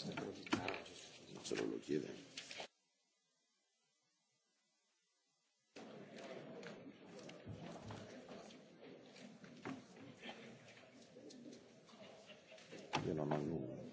questa novità, non se lo chiede. Io non ho nulla.